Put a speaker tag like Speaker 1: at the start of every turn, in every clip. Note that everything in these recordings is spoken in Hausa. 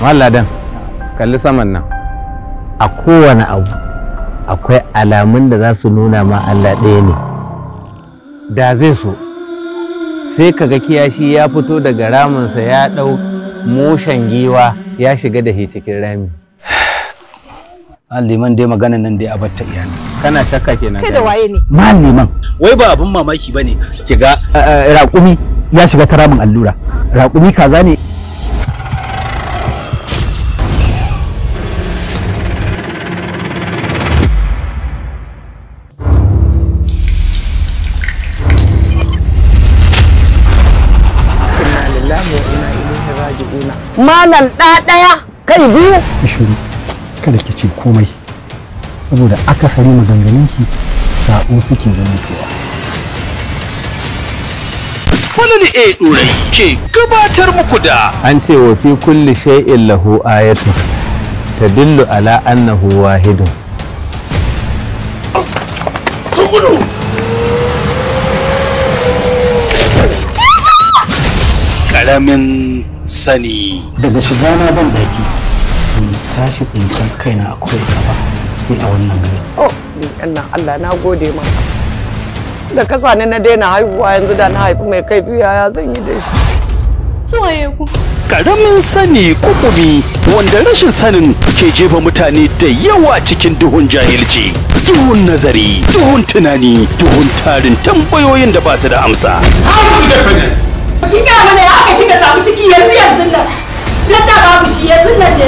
Speaker 1: Malladan, kalli saman nan. A kowane abu akwai alamun da za su nuna ma Allah ɗaya ne. Da zai so, sai kaga kiyashi ya fito daga raminsa ya ɗau moshan giwa ya shiga da cikin rami. liman dai magana nan dai a batta iyali kana shakka kenan kai da waye ne wai ba abun mamaki bane kiga eh, eh, raƙumi ya shiga ramin allura raƙumi kaza ne malam ɗaɗaya kai biyu shiru kada ki ce komai saboda akasari maganganunki sabo suke tuwa. Falal A Durai ke gabatar muku da an ce wa fi kulli shay'in lahu ayatu tadillu ala annahu wahidun Sugudu karamin sani daga shiga na ban daki tashi tsinci kaina a kawai gaba sai a wannan gari oh Allah Allah na gode ma. da kasa ne na daina haihuwa yanzu da na haifi mai kai biya ya zan yi da shi suwaye ku karamin sani kukumi wanda rashin sanin ke jefa mutane da yawa cikin duhun jahilci duhun nazari duhun tunani duhun tarin tambayoyin da ba su da amsa How do you kika samu ciki yanzu yanzu nan nan da babu shi yanzu nan ne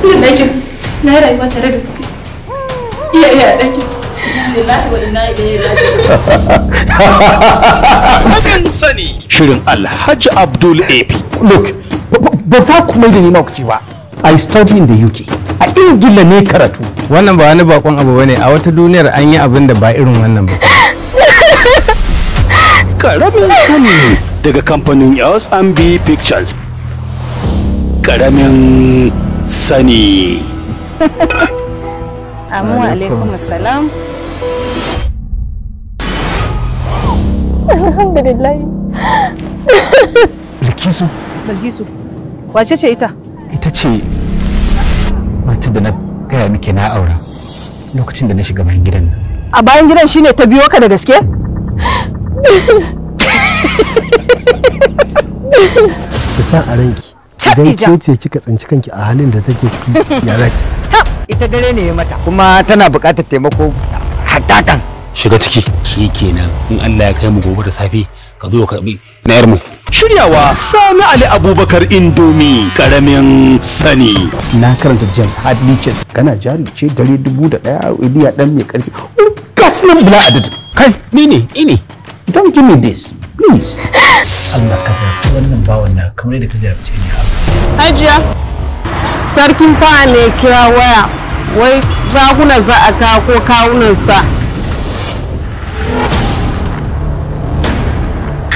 Speaker 1: filin ɗakin na yi rayuwa tare da wasu iya iya ɗakin Hakan sani shirin Alhaji Abdul AP. Look, ba za ku mai da ni mawukaci ba. I study in the UK. A Ingila ne karatu. Wannan ba wani bakon abu bane a wata duniyar an yi abin da ba irin wannan ba. Karamin sani. daga kamfanin B Pictures. Karamin sani. Amu alaikum salam. Alhamdulillah. Bilkisu. Bilkisu. Wace ce ita? Ita ce matar da na gaya miki na aura lokacin da na shiga bayan gidan nan. A bayan gidan shine ta biyo ka da gaske? ki sa a ranki idan ke ce kika tsinci kanki a halin da take ciki ya zaki ita dare ne mata kuma tana buƙatar taimako hattakan shiga ciki shi kenan in Allah ya kai mu gobe da safe ka zo ka karbi na yar mu shiryawa sani ali abubakar indomi karamin sani na karanta james Chess. kana jari ce dare dubu da biya dan mai karfi oh, gas nan bila adadin kai ni ne ni ne don't give me this please Allah ka wannan bawan na kamar ka Hajiya sarkin fa ne kira waya wai raguna za a ka ko kawunan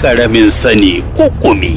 Speaker 1: karamin sani